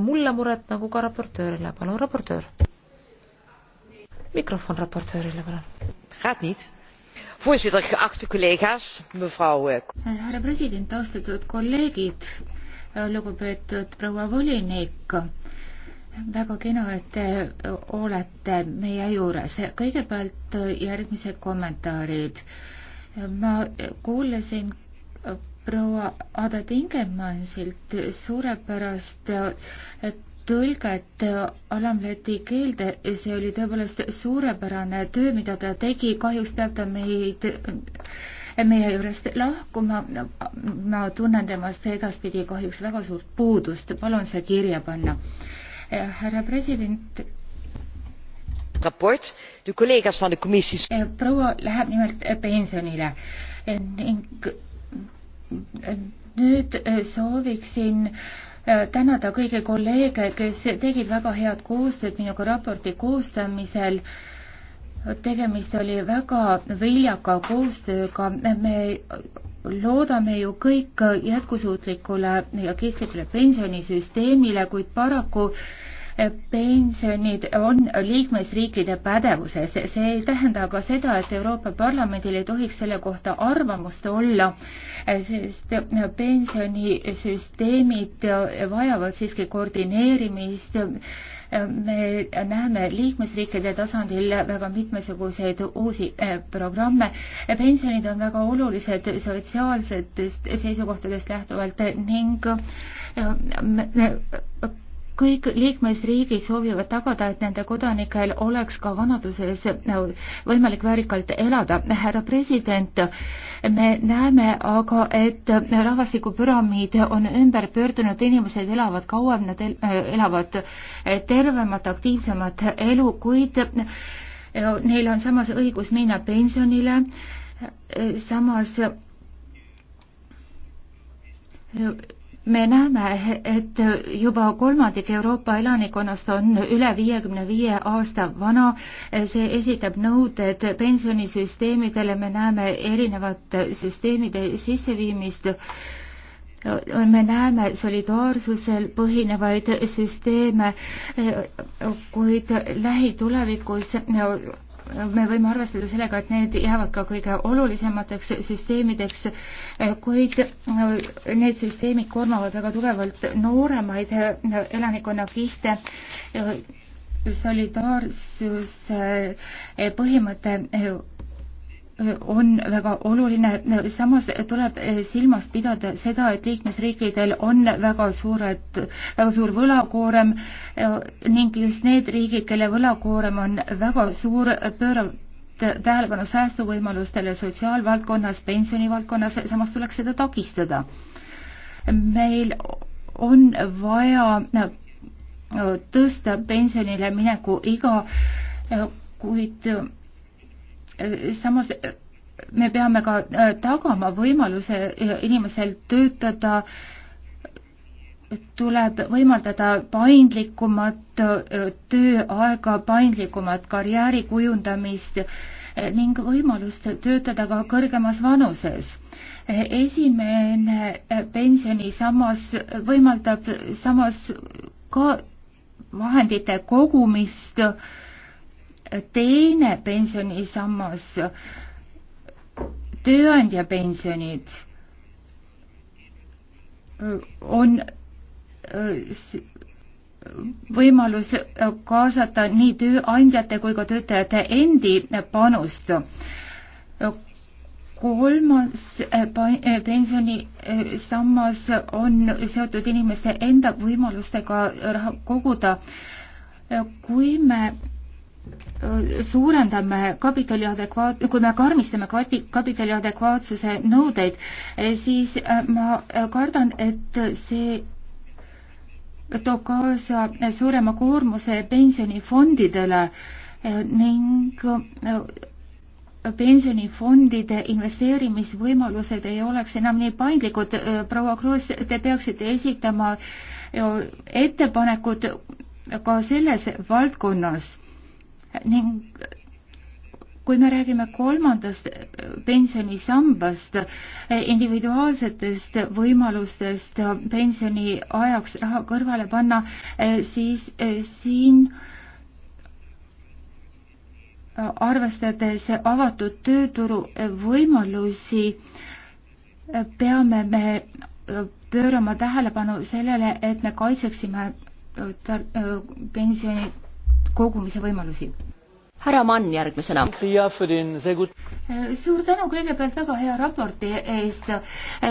mulle muret nagu ka raportöörile, palun raportöör. mikrofon raportöörile, palun. Gaat niet. Voorzitter, geachte collega's, mevrouw. Eh, eh, härra president, austatud kolleegid, eh, lugupeetud proua volinik väga kena, et te olete meie juures. kõigepealt järgmised kommentaarid. ma kuulasin proua Ada Tingemansilt suurepärast äh, tõlget äh, alamleti keelde, see oli tõepoolest suurepärane töö, mida ta tegi, kahjuks peab ta meid äh, meie juurest lahkuma, ma tunnen temast edaspidi kahjuks väga suurt puudust, palun see kirja panna. härra president, rapport de collega's van de commissies. proua läheb nimelt pensionile ning nüüd äh, sooviksin äh, tänada kõigi kolleege, kes tegid väga head koostööd minuga raporti koostamisel. tegemist oli väga viljaka koostööga, me loodame ju kõik jätkusuutlikule ja kestlikule pensionisüsteemile, kuid paraku äh, pensionid on liikmesriikide pädevuses. see ei tähenda aga seda, et Euroopa Parlamendil ei tohiks selle kohta arvamust olla, sest pensionisüsteemid vajavad siiski koordineerimist. me näeme liikmesriikide tasandil väga mitmesuguseid uusi programme. pensionid on väga olulised sotsiaalsetest seisukohtadest lähtuvalt ning kõik liikmesriigid soovivad tagada, et nende kodanikel oleks ka vanaduses võimalik väärikalt elada. härra president, me näeme aga, et rahvastikupüramiid on ümber pöördunud, inimesed elavad kauem, nad elavad tervemat, aktiivsemat elu, kuid neil on samas õigus minna pensionile, samas me näeme, et juba kolmandik Euroopa elanikkonnast on üle viiekümne viie aasta vana, see esitab nõuded pensionisüsteemidele, me näeme erinevate süsteemide sisseviimist, me näeme solidaarsusel põhinevaid süsteeme, kuid lähitulevikus me võime arvestada sellega, et need jäävad ka kõige olulisemateks süsteemideks, kuid äh, need süsteemid koormavad väga tugevalt nooremaid äh, elanikkonnakihte. Äh, solidaarsuse põhimõte on väga oluline, samas tuleb silmas pidada seda, et liikmesriikidel on väga suured, väga suur võlakoorem ning just need riigid, kelle võlakoorem on väga suur, pööravad tähelepanu säästuvõimalustele sotsiaalvaldkonnas, pensionivaldkonnas, samas tuleks seda takistada. meil on vaja tõsta pensionile mineku iga, kuid samas me peame ka äh, tagama võimaluse äh, inimesel töötada tuleb võimaldada paindlikumat äh, tööaega, paindlikumat karjääri kujundamist ning võimalust töötada ka kõrgemas vanuses. esimene pensionisammas võimaldab samas ka vahendite kogumist äh, teine pensionisammas, tööandja pensionid on võimalus kaasata nii tööandjate kui ka töötajate endi panust. kolmas pensionisammas on seotud inimeste enda võimalustega raha koguda. kui me suurendame kapitali adekvaat-, kui me karmistame kvati-, kapitali adekvaatsuse nõudeid, eh, siis eh, ma eh, kardan, et see toob kaasa suurema koormuse pensionifondidele ning pensionifondide investeerimisvõimalused ei oleks enam nii paindlikud. proua Kruus, te peaksite esitama ettepanekud ka selles valdkonnas ning kui me räägime kolmandast pensionisambast, individuaalsetest võimalustest pensioni ajaks raha kõrvale panna, siis eh, siin arvestades avatud tööturu võimalusi, peame me pöörama tähelepanu sellele, et me kaitseksime eh, eh, pensioni kogumise võimalusi. härra Mann järgmisena. suur tänu kõigepealt väga hea raporti eest eh,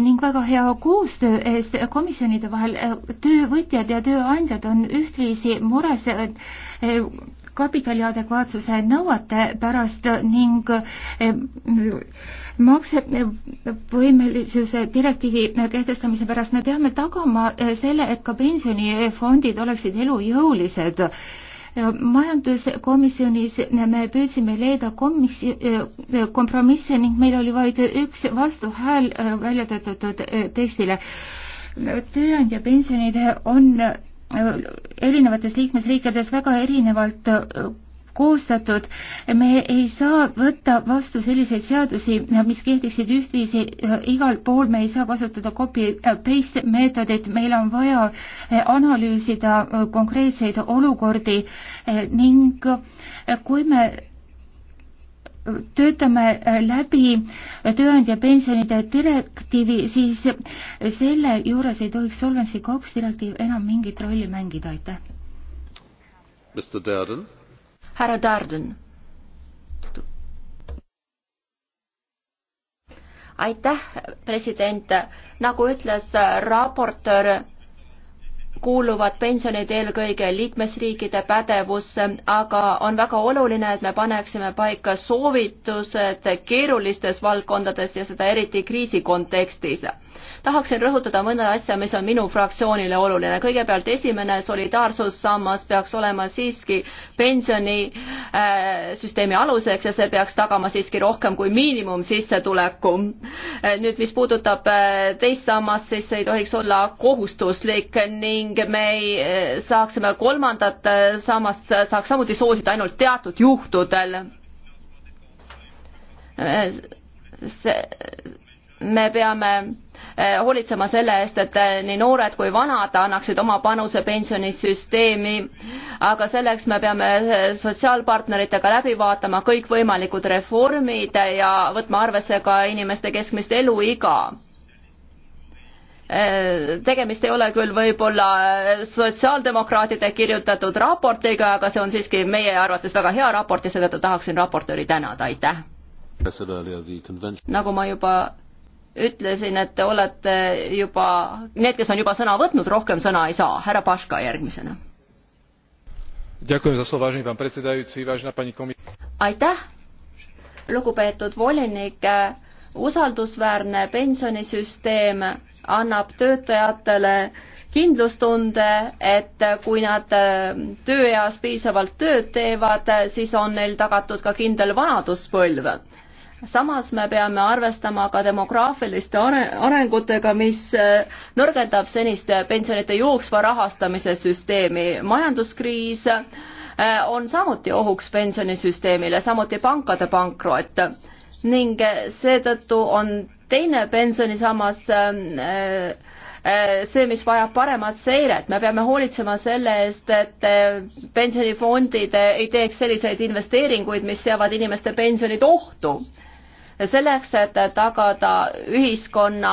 ning väga hea koostöö eest komisjonide vahel. Eh, töövõtjad ja tööandjad on ühtviisi mures eh, kapitali adekvaatsuse nõuete pärast ning maksevõimelisuse direktiivi kehtestamise pärast me peame tagama selle, et ka pensionifondid oleksid elujõulised majanduskomisjonis me püüdsime leida komissi, e, kompromisse ning meil oli vaid üks vastuhääl e, välja töötatud e, tekstile. tööandja pensionid on erinevates liikmesriikides väga erinevalt koostatud, me ei saa võtta vastu selliseid seadusi, mis kehtiksid ühtviisi äh, igal pool, me ei saa kasutada copy-paste äh, meetodit, meil on vaja äh, analüüsida konkreetseid olukordi ning kui me töötame läbi tööandja pensionide direktiivi, siis selle juures ei tohiks Solvency kaks direktiiv enam mingit rolli mängida, aitäh. Mr Darden härra Darden. aitäh, president, nagu ütles raportöör kuuluvad pensionid eelkõige liikmesriikide pädevusse, aga on väga oluline, et me paneksime paika soovitused keerulistes valdkondades ja seda eriti kriisi kontekstis. tahaksin rõhutada mõnda asja, mis on minu fraktsioonile oluline. kõigepealt esimene solidaarsussammas peaks olema siiski pensionisüsteemi äh, aluseks ja see peaks tagama siiski rohkem kui miinimumsissetuleku. Äh, nüüd, mis puudutab äh, teist sammast, siis see ei tohiks olla kohustuslik nii ning me ei eh, saaksime kolmandat eh, sammast, saaks samuti soosida ainult teatud juhtudel. see, me peame eh, hoolitsema selle eest, et nii noored kui vanad annaksid oma panuse pensionisüsteemi, aga selleks me peame sotsiaalpartneritega läbi vaatama kõikvõimalikud reformid ja võtma arvesse ka inimeste keskmist eluiga Äh, tegemist ei ole küll võib-olla äh, sotsiaaldemokraatide kirjutatud raportiga, aga see on siiski meie arvates väga hea raport ja seetõttu tahaksin raportööri tänada, aitäh! nagu ma juba ütlesin, et te olete juba, need, kes on juba sõna võtnud, rohkem sõna ei saa, härra Paška järgmisena. aitäh, lugupeetud volinik, usaldusväärne pensionisüsteem annab töötajatele kindlustunde, et kui nad äh, tööeas piisavalt tööd teevad, siis on neil tagatud ka kindel vanaduspõlv. samas me peame arvestama ka demograafiliste arengutega, mis äh, nõrgendab senist pensionite jooksva rahastamise süsteemi. majanduskriis äh, on samuti ohuks pensionisüsteemile, samuti pankade pankrot ning seetõttu on teine pensionisammas ähm, äh, äh, see, mis vajab paremat seiret, me peame hoolitsema selle eest, et äh, pensionifondid ei teeks selliseid investeeringuid, mis seavad inimeste pensionid ohtu. selleks, et tagada ühiskonna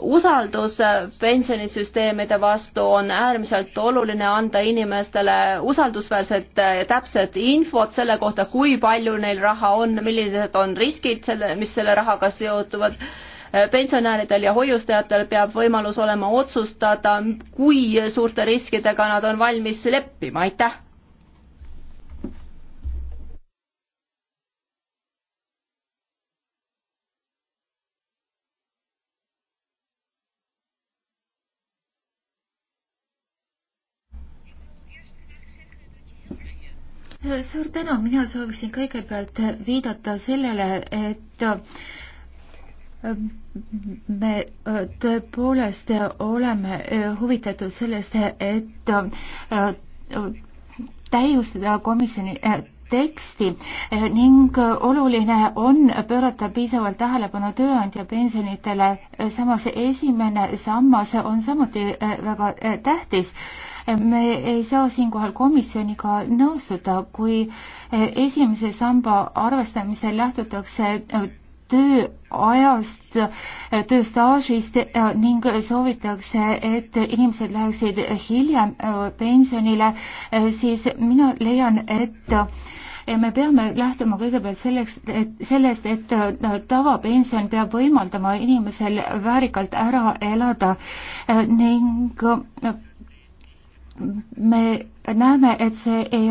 usaldus pensionisüsteemide vastu on äärmiselt oluline anda inimestele usaldusväärset ja täpset infot selle kohta, kui palju neil raha on, millised on riskid selle, mis selle rahaga seotuvad. pensionäridel ja hoiustajatel peab võimalus olema otsustada, kui suurte riskidega nad on valmis leppima, aitäh. suur tänu, mina sooviksin kõigepealt viidata sellele, et ähm, me äh, tõepoolest oleme äh, huvitatud sellest, et äh, täiustada komisjoni teksti ning oluline on pöörata piisavalt tähelepanu tööandja pensionitele. samas esimene sammas on samuti väga tähtis me ei saa siinkohal komisjoniga nõustuda, kui eh, esimese samba arvestamisel lähtutakse eh, tööajast, eh, tööstaažist ning soovitakse, et inimesed läheksid hiljem pensionile, siis mina leian, et me peame lähtuma kõigepealt selleks, et sellest, et tavapension peab võimaldama inimesel väärikalt ära elada ning me näeme, et see ei,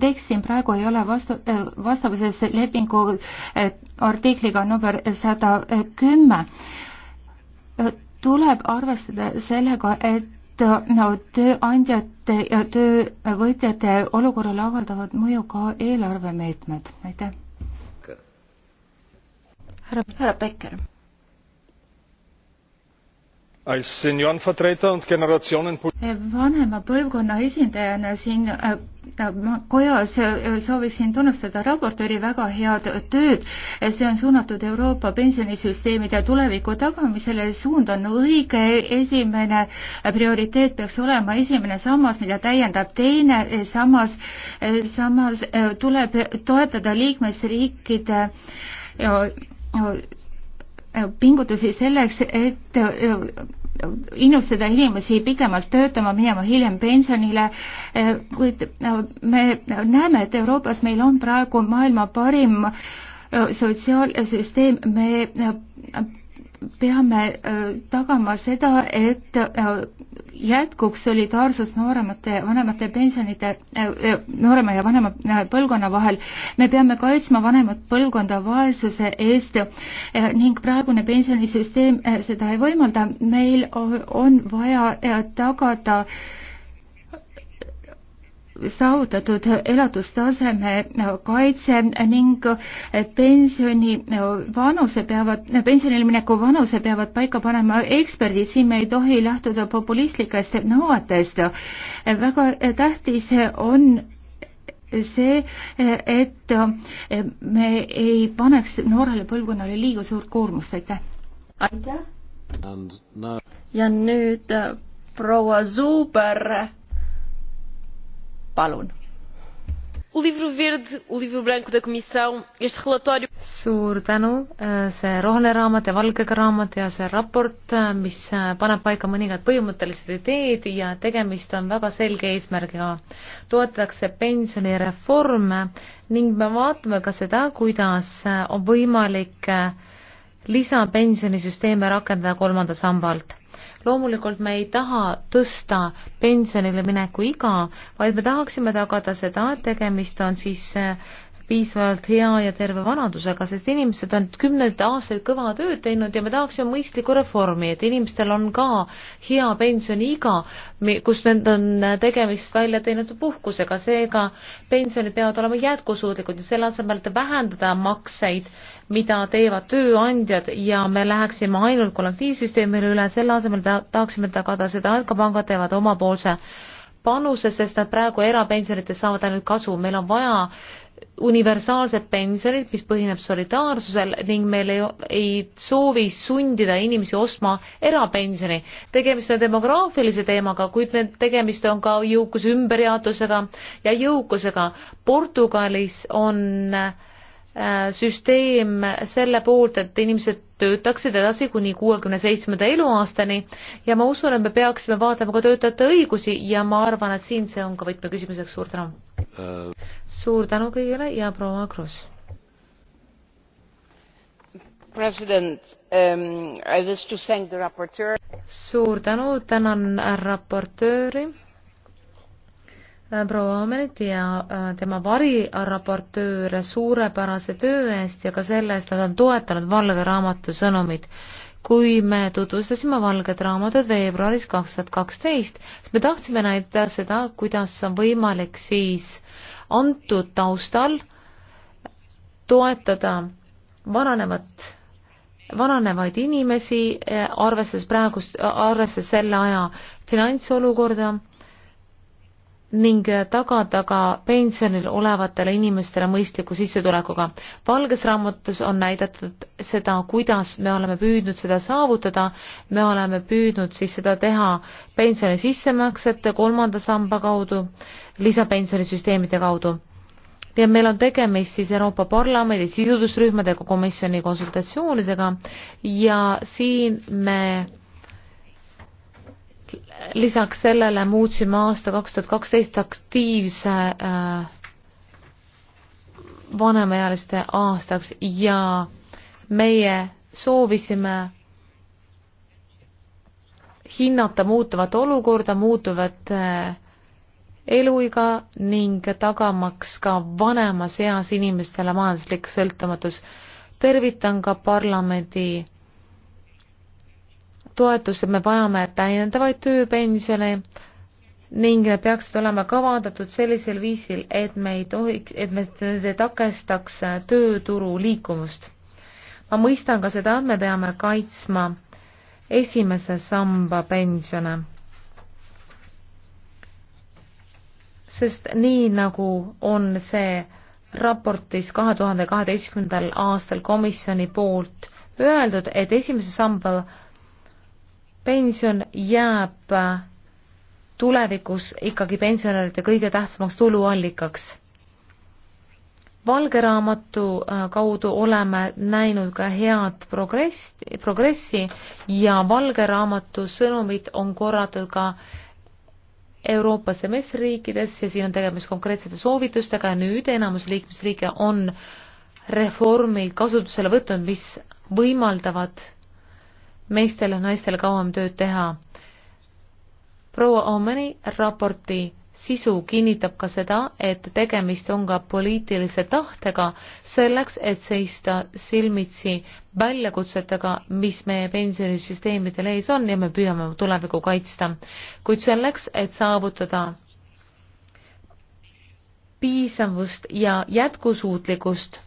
tekst siin praegu ei ole vastu, vastavuses lepingu eh, artikliga number sada kümme. tuleb arvestada sellega, et no tööandjate ja töövõtjate olukorrale avaldavad mõju ka eelarvemeetmed, aitäh. härra, härra Becker vanema põlvkonna esindajana siin äh, äh, kojas äh, sooviksin tunnustada raportööri väga head tööd. see on suunatud Euroopa pensionisüsteemide tuleviku tagamisele, suund on õige, esimene prioriteet peaks olema esimene sammas, mida täiendab teine sammas, samas tuleb toetada liikmesriikide pingutusi selleks, et äh, innustada inimesi pikemalt töötama, minema hiljem pensionile, äh, kuid äh, me näeme, et Euroopas meil on praegu maailma parim sotsiaalsüsteem, me peame tagama seda, et jätkuks solidaarsust nooremate, vanemate pensionide, äh, äh, noorema ja vanema äh, põlvkonna vahel. me peame kaitsma vanemat põlvkonda vaesuse eest ning praegune pensionisüsteem seda ei võimalda. meil on vaja tagada äh, saavutatud elatustaseme kaitse ning pensioni vanuse peavad, pensionile mineku vanuse peavad paika panema eksperdid, siin me ei tohi lähtuda populistlikest nõuetest. väga tähtis on see, et me ei paneks noorele põlvkonnale liiga suurt koormust, aitäh! aitäh! ja nüüd äh, proua Zuber palun. suur tänu, äh, see roheline raamat ja valge raamat ja see raport, äh, mis äh, paneb paika mõningad põhimõttelised ideed ja tegemist on väga selge eesmärgiga. toetatakse pensionireforme ning me vaatame ka seda, kuidas on võimalik lisapensionisüsteeme rakendada kolmanda samba alt loomulikult me ei taha tõsta pensionile mineku iga, vaid me tahaksime tagada seda, et tegemist on siis piisavalt hea ja terve vanadusega, sest inimesed on kümneid aastaid kõva tööd teinud ja me tahaksime mõistlikku reformi, et inimestel on ka hea pensioniiga, kus nad on tegemist välja teinud puhkusega, seega pensionid peavad olema jätkusuutlikud ja selle asemel, et vähendada makseid, mida teevad tööandjad ja me läheksime ainult kollektiivsüsteemile üle, selle asemel ta-, tahaksime tagada seda, et ka pangad teevad omapoolse panuse, sest nad praegu erapensionitest saavad ainult kasu, meil on vaja universaalsed pensionid, mis põhineb solidaarsusel ning meil ei, ei soovi sundida inimesi ostma erapensioni. tegemist on demograafilise teemaga, kuid me, tegemist on ka jõukuse ümberjaotusega ja jõukusega. Portugalis on äh, süsteem selle poolt, et inimesed töötaksid edasi kuni kuuekümne seitsmenda eluaastani ja ma usun, et me peaksime vaatama ka töötajate õigusi ja ma arvan, et siin see on ka võtmeküsimuseks, suur tänu suur tänu kõigile ja proua Kross. president um,, I wish to thank the raporteur. suur tänu, tänan raportööri äh, proua Omenit ja äh, tema variraportööre suurepärase töö eest ja ka selle eest, et nad on toetanud valge raamatu sõnumit kui me tutvustasime valged raamatud veebruaris kaks tuhat kaksteist, siis me tahtsime näidata seda, kuidas on võimalik siis antud taustal toetada vananevat, vananevaid inimesi, eh, arvestades praegust, arvestades selle aja finantsolukorda ning tagada ka pensionil olevatele inimestele mõistliku sissetulekuga. valges raamatus on näidatud seda, kuidas me oleme püüdnud seda saavutada, me oleme püüdnud siis seda teha pensioni sissemaksete kolmanda samba kaudu, lisapensionisüsteemide kaudu. ja meil on tegemist siis Euroopa Parlamendi sidusrühmadega, komisjoni konsultatsioonidega ja siin me lisaks sellele muutsime aasta kaks tuhat kaksteist aktiivse äh, vanemaealiste aastaks ja meie soovisime hinnata muutuvat olukorda, muutuvat äh, eluiga ning tagamaks ka vanemas eas inimestele majanduslik sõltumatus. tervitan ka parlamendi toetust, et me vajame täiendavaid tööpensione ning need peaksid olema kavandatud sellisel viisil, et me ei tohiks, et me nende takestaks tööturu liikumust. ma mõistan ka seda, et me peame kaitsma esimese samba pensione. sest nii, nagu on see raportis kahe tuhande kaheteistkümnendal aastal komisjoni poolt öeldud, et esimese samba pension jääb tulevikus ikkagi pensionäride kõige tähtsamaks tuluallikaks. valge raamatu äh, kaudu oleme näinud ka head progress, progressi ja valge raamatu sõnumid on korratud ka Euroopa semestriikides ja siin on tegemist konkreetsete soovitustega ja nüüd enamus liikmesriike on reformid kasutusele võtnud, mis võimaldavad meestel ja naistel kauem tööd teha. proua Omeni raporti sisu kinnitab ka seda, et tegemist on ka poliitilise tahtega selleks, et seista silmitsi väljakutsetega, mis meie pensionisüsteemidel ees on ja me püüame tulevikku kaitsta. kuid selleks, et saavutada piisavust ja jätkusuutlikkust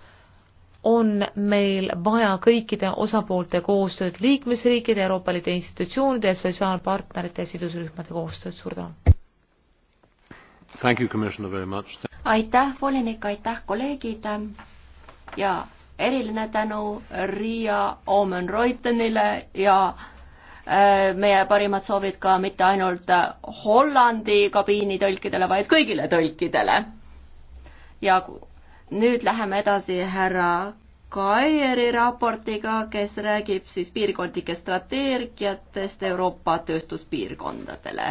on meil vaja kõikide osapoolte koostööd liikmesriikide, Euroopa Liidu institutsioonide ja sotsiaalpartnerite ja sidusrühmade koostööd. suur tänu! aitäh, volinik, aitäh, kolleegid ja eriline tänu Riia Omen-Reutenile ja äh, meie parimad soovid ka mitte ainult Hollandi kabiini tõlkidele, vaid kõigile tõlkidele. ja nüüd läheme edasi härra Kairi raportiga, kes räägib siis piirkondlikest strateegiatest Euroopa tööstuspiirkondadele.